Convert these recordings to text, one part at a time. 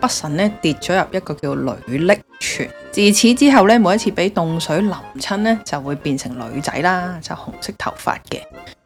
不慎咧跌咗入一個叫女溺泉，自此之後咧，每一次俾凍水淋親咧，就會變成女仔啦，就紅色頭髮嘅；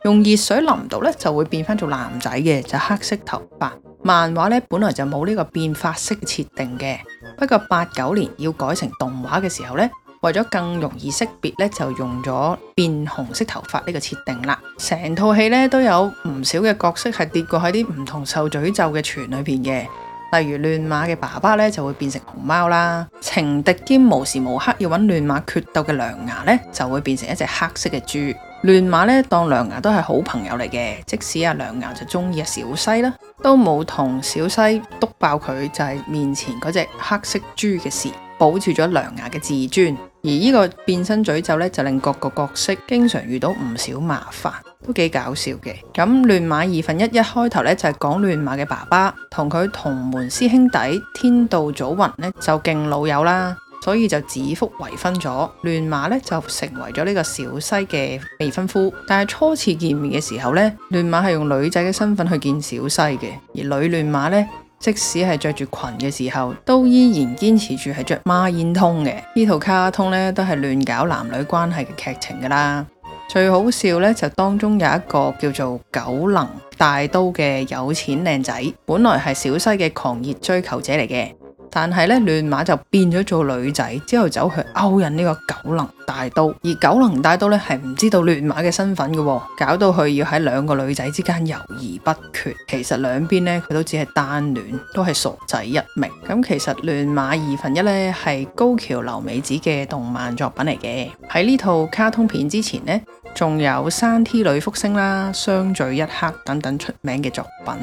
用熱水淋到咧，就會變翻做男仔嘅，就黑色頭髮。漫畫咧本來就冇呢個變髮式設定嘅，不過八九年要改成動畫嘅時候咧，為咗更容易識別咧，就用咗變紅色頭髮呢個設定啦。成套戲咧都有唔少嘅角色係跌過喺啲唔同受詛咒嘅泉裏邊嘅。例如亂馬嘅爸爸咧就會變成熊貓啦，情敵兼無時無刻要搵亂馬決鬥嘅良牙咧就會變成一隻黑色嘅豬。亂馬咧當良牙都係好朋友嚟嘅，即使阿良牙就中意阿小西啦，都冇同小西篤爆佢就係面前嗰隻黑色豬嘅事，保住咗良牙嘅自尊。而呢個變身詛咒咧就令各個角色經常遇到唔少麻煩。都幾搞笑嘅，咁亂馬二分一，一開頭咧就係講亂馬嘅爸爸同佢同門師兄弟天道早雲咧就勁老友啦，所以就指腹為婚咗，亂馬咧就成為咗呢個小西嘅未婚夫。但係初次見面嘅時候呢，亂馬係用女仔嘅身份去見小西嘅，而女亂馬呢，即使係着住裙嘅時候，都依然堅持住係着孖煙通嘅。呢套卡通咧都係亂搞男女關係嘅劇情噶啦。最好笑咧就當中有一個叫做九能大刀嘅有錢靚仔，本來係小西嘅狂熱追求者嚟嘅，但係咧亂馬就變咗做女仔之後走去勾引呢個九能大刀，而九能大刀咧係唔知道亂馬嘅身份嘅，搞到佢要喺兩個女仔之間猶豫不決。其實兩邊咧佢都只係單戀，都係傻仔一名。咁其實亂馬二分一咧係高橋留美子嘅動漫作品嚟嘅，喺呢套卡通片之前咧。仲有《山 T 女福星》啦，《相聚一刻》等等出名嘅作品。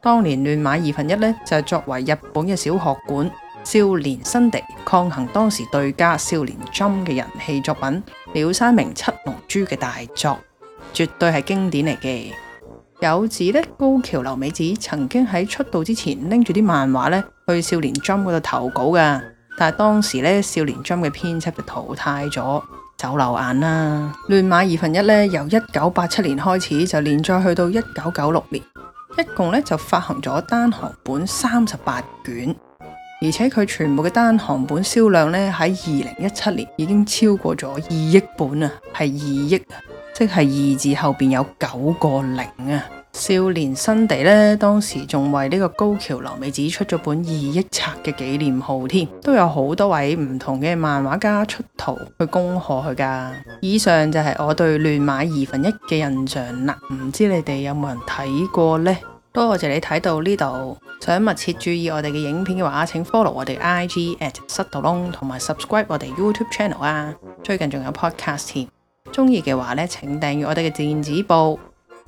當年亂馬二分一呢，就係作為日本嘅小學館《少年新迪》抗衡當時對家《少年針》嘅人氣作品，《鳥山明七龍珠》嘅大作，絕對係經典嚟嘅。有指呢，高橋留美子曾經喺出道之前拎住啲漫畫呢去《少年針》嗰度投稿噶，但係當時呢，《少年針》嘅編輯就淘汰咗。走漏眼啦，亂馬二分一咧，由一九八七年開始就連載去到一九九六年，一共咧就發行咗單行本三十八卷，而且佢全部嘅單行本銷量咧喺二零一七年已經超過咗二億本啊，係二億啊，即係二字後邊有九個零啊。少年新地咧，當時仲為呢個高橋留美子出咗本二億冊嘅紀念號添，都有好多位唔同嘅漫畫家出圖去恭賀佢噶。以上就係我對亂馬二分一嘅印象啦，唔知你哋有冇人睇過呢？多謝你睇到呢度，想密切注意我哋嘅影片嘅話，請 follow 我哋 IG at 失到窿，同埋 subscribe 我哋 YouTube channel 啊。最近仲有 podcast 添，中意嘅話咧，請訂閱我哋嘅電子報。